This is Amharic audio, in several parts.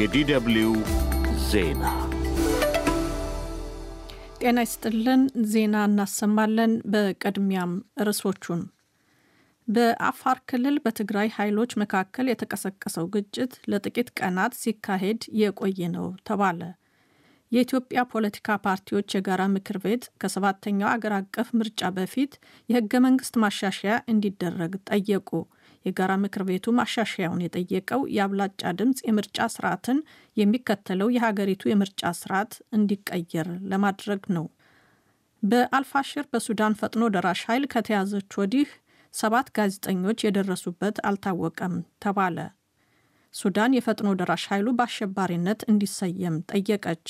የዲደብሊው ዜና ጤና ይስጥልን። ዜና እናሰማለን። በቅድሚያም ርዕሶቹን በአፋር ክልል በትግራይ ኃይሎች መካከል የተቀሰቀሰው ግጭት ለጥቂት ቀናት ሲካሄድ የቆየ ነው ተባለ። የኢትዮጵያ ፖለቲካ ፓርቲዎች የጋራ ምክር ቤት ከሰባተኛው አገር አቀፍ ምርጫ በፊት የህገ መንግስት ማሻሻያ እንዲደረግ ጠየቁ። የጋራ ምክር ቤቱ ማሻሻያውን የጠየቀው የአብላጫ ድምፅ የምርጫ ስርዓትን የሚከተለው የሀገሪቱ የምርጫ ስርዓት እንዲቀየር ለማድረግ ነው። በአልፋሽር በሱዳን ፈጥኖ ደራሽ ኃይል ከተያዘች ወዲህ ሰባት ጋዜጠኞች የደረሱበት አልታወቀም ተባለ። ሱዳን የፈጥኖ ደራሽ ኃይሉ በአሸባሪነት እንዲሰየም ጠየቀች።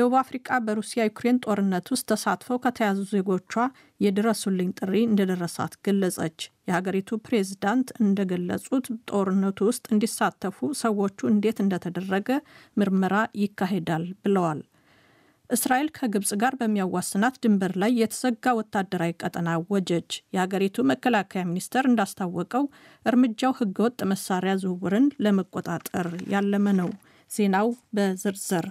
ደቡብ አፍሪቃ በሩሲያ ዩክሬን ጦርነት ውስጥ ተሳትፈው ከተያዙ ዜጎቿ የድረሱልኝ ጥሪ እንደደረሳት ገለጸች። የሀገሪቱ ፕሬዝዳንት እንደገለጹት ጦርነቱ ውስጥ እንዲሳተፉ ሰዎቹ እንዴት እንደተደረገ ምርመራ ይካሄዳል ብለዋል። እስራኤል ከግብፅ ጋር በሚያዋስናት ድንበር ላይ የተዘጋ ወታደራዊ ቀጠና አወጀች። የሀገሪቱ መከላከያ ሚኒስቴር እንዳስታወቀው እርምጃው ህገወጥ መሳሪያ ዝውውርን ለመቆጣጠር ያለመ ነው። ዜናው በዝርዝር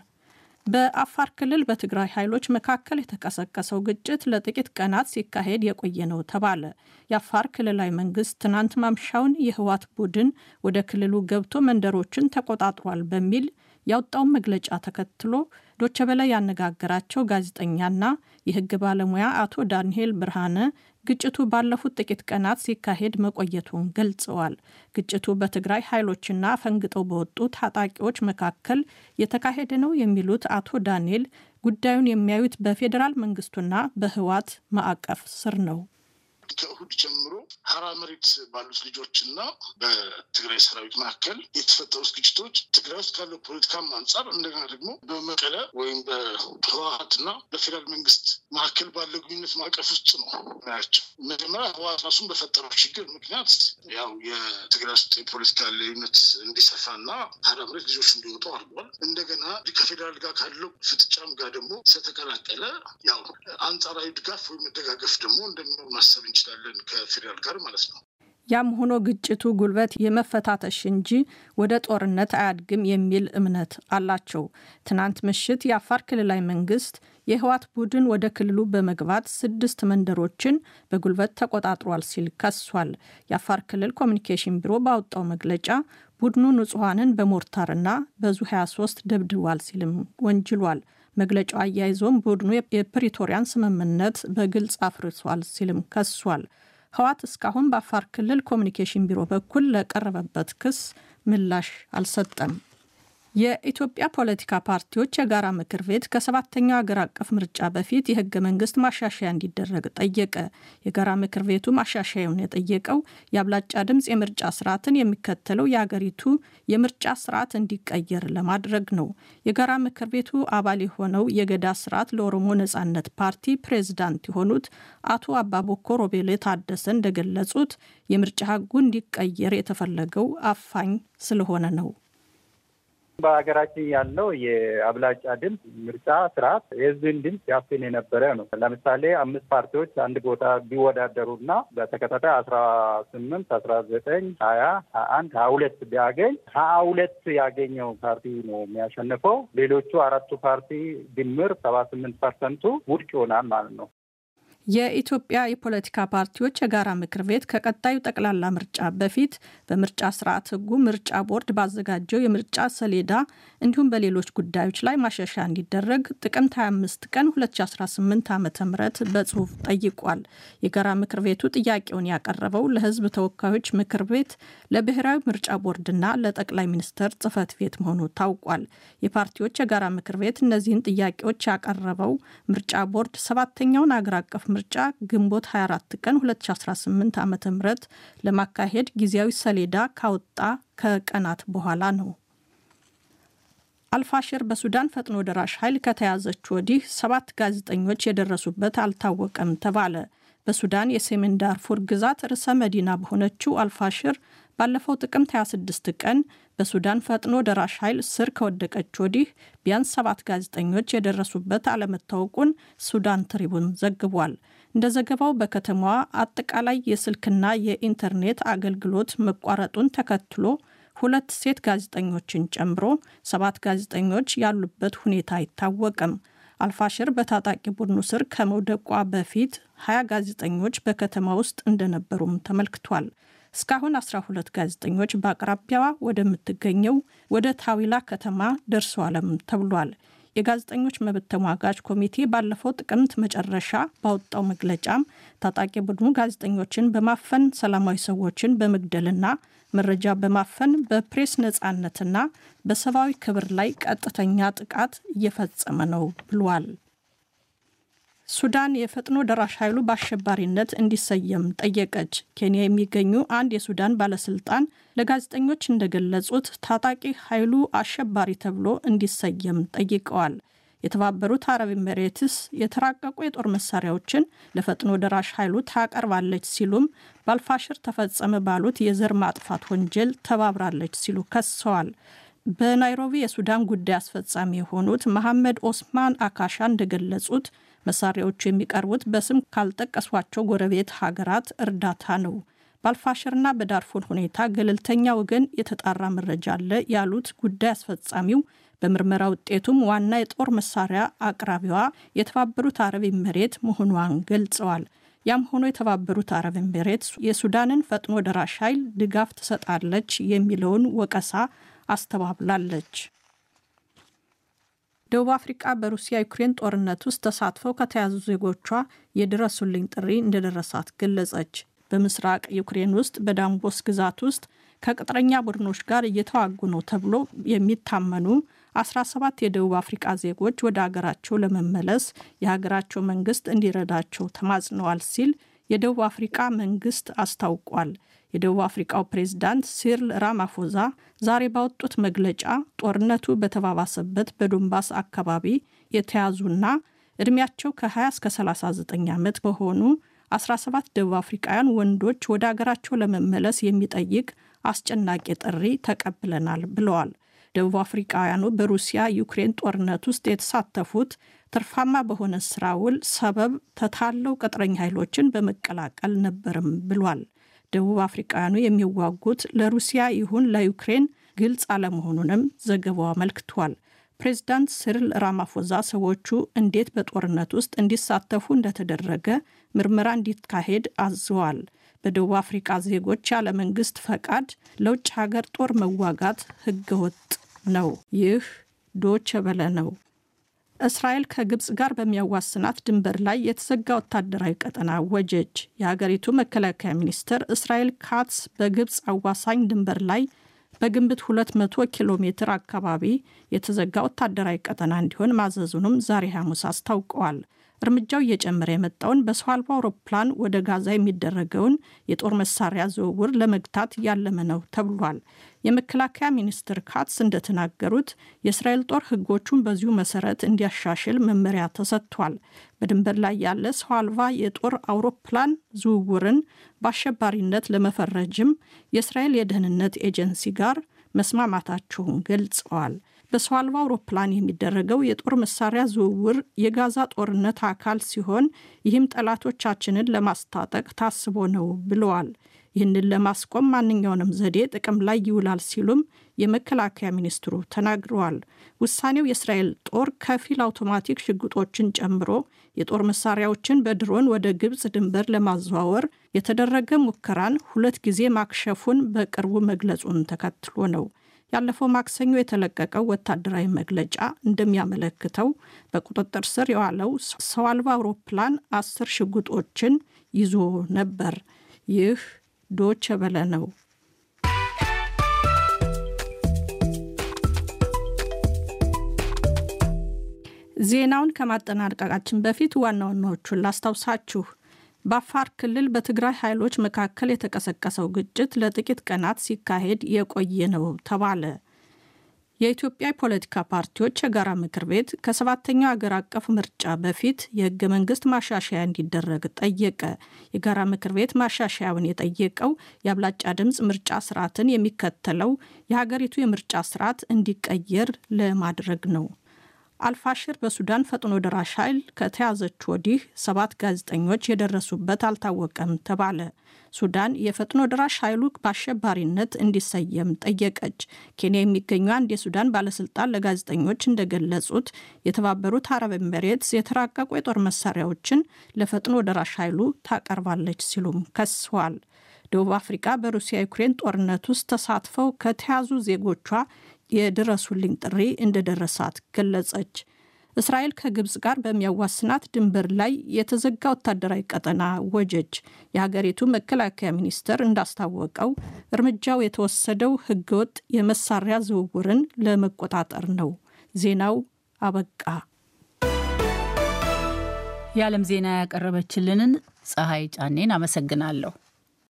በአፋር ክልል በትግራይ ኃይሎች መካከል የተቀሰቀሰው ግጭት ለጥቂት ቀናት ሲካሄድ የቆየ ነው ተባለ። የአፋር ክልላዊ መንግስት ትናንት ማምሻውን የህወሓት ቡድን ወደ ክልሉ ገብቶ መንደሮችን ተቆጣጥሯል በሚል ያወጣውን መግለጫ ተከትሎ በላይ ያነጋገራቸው ጋዜጠኛና የሕግ ባለሙያ አቶ ዳንኤል ብርሃነ ግጭቱ ባለፉት ጥቂት ቀናት ሲካሄድ መቆየቱን ገልጸዋል። ግጭቱ በትግራይ ኃይሎችና ፈንግጠው በወጡ ታጣቂዎች መካከል የተካሄደ ነው የሚሉት አቶ ዳንኤል ጉዳዩን የሚያዩት በፌዴራል መንግስቱና በህዋት ማዕቀፍ ስር ነው። ከእሁድ ጀምሮ ሀራ መሬት ባሉት ልጆች እና በትግራይ ሰራዊት መካከል የተፈጠሩት ግጭቶች ትግራይ ውስጥ ካለው ፖለቲካም አንጻር እንደገና ደግሞ በመቀለ ወይም በህወሀት እና በፌዴራል መንግስት መካከል ባለው ግንኙነት ማዕቀፍ ውስጥ ነው ናቸው። መጀመሪያ ህወሀት ራሱን በፈጠረው ችግር ምክንያት ያው የትግራይ ውስጥ የፖለቲካ ልዩነት እንዲሰፋ እና ሀራ መሬት ልጆች እንዲወጡ አድርጓል። እንደገና ከፌዴራል ጋር ካለው ፍጥጫም ጋር ደግሞ ስለተቀላቀለ ያው አንጻራዊ ድጋፍ ወይም መደጋገፍ ደግሞ እንደሚኖር ማሰብ እንጂ እንችላለን ከፌዴራል ጋር ማለት ነው። ያም ሆኖ ግጭቱ ጉልበት የመፈታተሽ እንጂ ወደ ጦርነት አያድግም የሚል እምነት አላቸው። ትናንት ምሽት የአፋር ክልላዊ መንግስት የህወሓት ቡድን ወደ ክልሉ በመግባት ስድስት መንደሮችን በጉልበት ተቆጣጥሯል ሲል ከሷል። የአፋር ክልል ኮሚኒኬሽን ቢሮ ባወጣው መግለጫ ቡድኑ ንጹሐንን በሞርታርና በዙ 23 ደብድቧል ሲልም ወንጅሏል። መግለጫው አያይዞም ቡድኑ የፕሪቶሪያን ስምምነት በግልጽ አፍርሷል ሲልም ከሷል። ህዋት እስካሁን በአፋር ክልል ኮሚኒኬሽን ቢሮ በኩል ለቀረበበት ክስ ምላሽ አልሰጠም። የኢትዮጵያ ፖለቲካ ፓርቲዎች የጋራ ምክር ቤት ከሰባተኛው ሀገር አቀፍ ምርጫ በፊት የህገ መንግስት ማሻሻያ እንዲደረግ ጠየቀ። የጋራ ምክር ቤቱ ማሻሻያውን የጠየቀው የአብላጫ ድምፅ የምርጫ ስርዓትን የሚከተለው የአገሪቱ የምርጫ ስርዓት እንዲቀየር ለማድረግ ነው። የጋራ ምክር ቤቱ አባል የሆነው የገዳ ስርዓት ለኦሮሞ ነጻነት ፓርቲ ፕሬዝዳንት የሆኑት አቶ አባቦኮ ሮቤሌ ታደሰ እንደገለጹት የምርጫ ህጉ እንዲቀየር የተፈለገው አፋኝ ስለሆነ ነው። በሀገራችን ያለው የአብላጫ ድምፅ ምርጫ ስርዓት የህዝብን ድምፅ ያፍን የነበረ ነው። ለምሳሌ አምስት ፓርቲዎች አንድ ቦታ ቢወዳደሩና በተከታታይ አስራ ስምንት አስራ ዘጠኝ ሀያ ሀያ አንድ ሀያ ሁለት ቢያገኝ ሀያ ሁለት ያገኘው ፓርቲ ነው የሚያሸንፈው። ሌሎቹ አራቱ ፓርቲ ድምር ሰባ ስምንት ፐርሰንቱ ውድቅ ይሆናል ማለት ነው። የኢትዮጵያ የፖለቲካ ፓርቲዎች የጋራ ምክር ቤት ከቀጣዩ ጠቅላላ ምርጫ በፊት በምርጫ ስርዓት ህጉ ምርጫ ቦርድ ባዘጋጀው የምርጫ ሰሌዳ እንዲሁም በሌሎች ጉዳዮች ላይ ማሻሻያ እንዲደረግ ጥቅምት 25 ቀን 2018 ዓ ም በጽሁፍ ጠይቋል። የጋራ ምክር ቤቱ ጥያቄውን ያቀረበው ለህዝብ ተወካዮች ምክር ቤት፣ ለብሔራዊ ምርጫ ቦርድና ለጠቅላይ ሚኒስትር ጽህፈት ቤት መሆኑ ታውቋል። የፓርቲዎች የጋራ ምክር ቤት እነዚህን ጥያቄዎች ያቀረበው ምርጫ ቦርድ ሰባተኛውን አገር አቀፍ ምርጫ ግንቦት 24 ቀን 2018 ዓ ም ለማካሄድ ጊዜያዊ ሰሌዳ ካወጣ ከቀናት በኋላ ነው። አልፋሽር በሱዳን ፈጥኖ ደራሽ ኃይል ከተያዘች ወዲህ ሰባት ጋዜጠኞች የደረሱበት አልታወቀም ተባለ። በሱዳን የሰሜን ዳርፉር ግዛት ርዕሰ መዲና በሆነችው አልፋሽር ባለፈው ጥቅምት 26 ቀን በሱዳን ፈጥኖ ደራሽ ኃይል ስር ከወደቀች ወዲህ ቢያንስ ሰባት ጋዜጠኞች የደረሱበት አለመታወቁን ሱዳን ትሪቡን ዘግቧል። እንደ ዘገባው በከተማዋ አጠቃላይ የስልክና የኢንተርኔት አገልግሎት መቋረጡን ተከትሎ ሁለት ሴት ጋዜጠኞችን ጨምሮ ሰባት ጋዜጠኞች ያሉበት ሁኔታ አይታወቅም። አልፋሽር በታጣቂ ቡድኑ ስር ከመውደቋ በፊት ሀያ ጋዜጠኞች በከተማ ውስጥ እንደነበሩም ተመልክቷል። እስካሁን 12 ጋዜጠኞች በአቅራቢያዋ ወደምትገኘው ወደ ታዊላ ከተማ ደርሰዋልም ተብሏል። የጋዜጠኞች መብት ተሟጋጅ ኮሚቴ ባለፈው ጥቅምት መጨረሻ ባወጣው መግለጫም ታጣቂ ቡድኑ ጋዜጠኞችን በማፈን ሰላማዊ ሰዎችን በመግደልና መረጃ በማፈን በፕሬስ ነፃነትና በሰብአዊ ክብር ላይ ቀጥተኛ ጥቃት እየፈጸመ ነው ብሏል። ሱዳን የፈጥኖ ደራሽ ኃይሉ በአሸባሪነት እንዲሰየም ጠየቀች። ኬንያ የሚገኙ አንድ የሱዳን ባለስልጣን ለጋዜጠኞች እንደገለጹት ታጣቂ ኃይሉ አሸባሪ ተብሎ እንዲሰየም ጠይቀዋል። የተባበሩት አረብ መሬትስ የተራቀቁ የጦር መሳሪያዎችን ለፈጥኖ ደራሽ ኃይሉ ታቀርባለች ሲሉም ባልፋሽር ተፈጸመ ባሉት የዘር ማጥፋት ወንጀል ተባብራለች ሲሉ ከሰዋል። በናይሮቢ የሱዳን ጉዳይ አስፈጻሚ የሆኑት መሐመድ ኦስማን አካሻ እንደገለጹት መሳሪያዎቹ የሚቀርቡት በስም ካልጠቀሷቸው ጎረቤት ሀገራት እርዳታ ነው። በአልፋሽርና በዳርፉር ሁኔታ ገለልተኛ ወገን የተጣራ መረጃ አለ ያሉት ጉዳይ አስፈጻሚው በምርመራ ውጤቱም ዋና የጦር መሳሪያ አቅራቢዋ የተባበሩት አረብ ኤምሬት መሆኗን ገልጸዋል። ያም ሆኖ የተባበሩት አረብ ኤምሬት የሱዳንን ፈጥኖ ደራሽ ኃይል ድጋፍ ትሰጣለች የሚለውን ወቀሳ አስተባብላለች። ደቡብ አፍሪቃ በሩሲያ ዩክሬን ጦርነት ውስጥ ተሳትፈው ከተያዙ ዜጎቿ የድረሱልኝ ጥሪ እንደደረሳት ገለጸች። በምስራቅ ዩክሬን ውስጥ በዳንቦስ ግዛት ውስጥ ከቅጥረኛ ቡድኖች ጋር እየተዋጉ ነው ተብሎ የሚታመኑ 17 የደቡብ አፍሪቃ ዜጎች ወደ አገራቸው ለመመለስ የሀገራቸው መንግስት እንዲረዳቸው ተማጽነዋል ሲል የደቡብ አፍሪቃ መንግስት አስታውቋል። የደቡብ አፍሪካው ፕሬዝዳንት ሲርል ራማፎዛ ዛሬ ባወጡት መግለጫ ጦርነቱ በተባባሰበት በዶንባስ አካባቢ የተያዙና ዕድሜያቸው ከ20 እስከ 39 ዓመት በሆኑ 17 ደቡብ አፍሪካውያን ወንዶች ወደ አገራቸው ለመመለስ የሚጠይቅ አስጨናቂ ጥሪ ተቀብለናል ብለዋል። ደቡብ አፍሪካውያኑ በሩሲያ ዩክሬን ጦርነት ውስጥ የተሳተፉት ትርፋማ በሆነ ስራ ውል ሰበብ ተታለው ቅጥረኛ ኃይሎችን በመቀላቀል ነበርም ብሏል። ደቡብ አፍሪቃውያኑ የሚዋጉት ለሩሲያ ይሁን ለዩክሬን ግልጽ አለመሆኑንም ዘገባው አመልክቷል። ፕሬዚዳንት ስርል ራማፎዛ ሰዎቹ እንዴት በጦርነት ውስጥ እንዲሳተፉ እንደተደረገ ምርመራ እንዲካሄድ አዘዋል። በደቡብ አፍሪቃ ዜጎች ያለ መንግስት ፈቃድ ለውጭ ሀገር ጦር መዋጋት ህገወጥ ነው። ይህ ዶቸ በለ ነው። እስራኤል ከግብፅ ጋር በሚያዋስናት ድንበር ላይ የተዘጋ ወታደራዊ ቀጠና አወጀች የሀገሪቱ መከላከያ ሚኒስትር እስራኤል ካትስ በግብፅ አዋሳኝ ድንበር ላይ በግንብት 200 ኪሎ ሜትር አካባቢ የተዘጋ ወታደራዊ ቀጠና እንዲሆን ማዘዙንም ዛሬ ሐሙስ አስታውቀዋል። እርምጃው እየጨመረ የመጣውን በሰው አልባ አውሮፕላን ወደ ጋዛ የሚደረገውን የጦር መሳሪያ ዝውውር ለመግታት ያለመ ነው ተብሏል። የመከላከያ ሚኒስትር ካትስ እንደተናገሩት የእስራኤል ጦር ሕጎቹን በዚሁ መሰረት እንዲያሻሽል መመሪያ ተሰጥቷል። በድንበር ላይ ያለ ሰው አልባ የጦር አውሮፕላን ዝውውርን በአሸባሪነት ለመፈረጅም የእስራኤል የደህንነት ኤጀንሲ ጋር መስማማታቸውን ገልጸዋል። በሰው አልባ አውሮፕላን የሚደረገው የጦር መሳሪያ ዝውውር የጋዛ ጦርነት አካል ሲሆን ይህም ጠላቶቻችንን ለማስታጠቅ ታስቦ ነው ብለዋል። ይህንን ለማስቆም ማንኛውንም ዘዴ ጥቅም ላይ ይውላል ሲሉም የመከላከያ ሚኒስትሩ ተናግረዋል። ውሳኔው የእስራኤል ጦር ከፊል አውቶማቲክ ሽጉጦችን ጨምሮ የጦር መሳሪያዎችን በድሮን ወደ ግብፅ ድንበር ለማዘዋወር የተደረገ ሙከራን ሁለት ጊዜ ማክሸፉን በቅርቡ መግለጹን ተከትሎ ነው። ያለፈው ማክሰኞ የተለቀቀው ወታደራዊ መግለጫ እንደሚያመለክተው በቁጥጥር ስር የዋለው ሰው አልባ አውሮፕላን አስር ሽጉጦችን ይዞ ነበር። ይህ ዶች በለ ነው። ዜናውን ከማጠናቀቃችን በፊት ዋና ዋናዎቹን ላስታውሳችሁ። በአፋር ክልል በትግራይ ኃይሎች መካከል የተቀሰቀሰው ግጭት ለጥቂት ቀናት ሲካሄድ የቆየ ነው ተባለ። የኢትዮጵያ የፖለቲካ ፓርቲዎች የጋራ ምክር ቤት ከሰባተኛው አገር አቀፍ ምርጫ በፊት የህገ መንግስት ማሻሻያ እንዲደረግ ጠየቀ። የጋራ ምክር ቤት ማሻሻያውን የጠየቀው የአብላጫ ድምፅ ምርጫ ስርዓትን የሚከተለው የሀገሪቱ የምርጫ ስርዓት እንዲቀየር ለማድረግ ነው። አልፋሽር በሱዳን ፈጥኖ ደራሽ ኃይል ከተያዘች ወዲህ ሰባት ጋዜጠኞች የደረሱበት አልታወቀም ተባለ። ሱዳን የፈጥኖ ደራሽ ኃይሉ በአሸባሪነት እንዲሰየም ጠየቀች። ኬንያ የሚገኙ አንድ የሱዳን ባለስልጣን ለጋዜጠኞች እንደገለጹት የተባበሩት አረብ ኤምሬትስ የተራቀቁ የጦር መሳሪያዎችን ለፈጥኖ ደራሽ ኃይሉ ታቀርባለች ሲሉም ከስዋል። ደቡብ አፍሪካ በሩሲያ ዩክሬን ጦርነት ውስጥ ተሳትፈው ከተያዙ ዜጎቿ የድረሱልኝ ጥሪ እንደደረሳት ገለጸች። እስራኤል ከግብፅ ጋር በሚያዋስናት ድንበር ላይ የተዘጋ ወታደራዊ ቀጠና ወጀች። የሀገሪቱ መከላከያ ሚኒስቴር እንዳስታወቀው እርምጃው የተወሰደው ህገወጥ የመሳሪያ ዝውውርን ለመቆጣጠር ነው። ዜናው አበቃ። የዓለም ዜና ያቀረበችልንን ፀሐይ ጫኔን አመሰግናለሁ።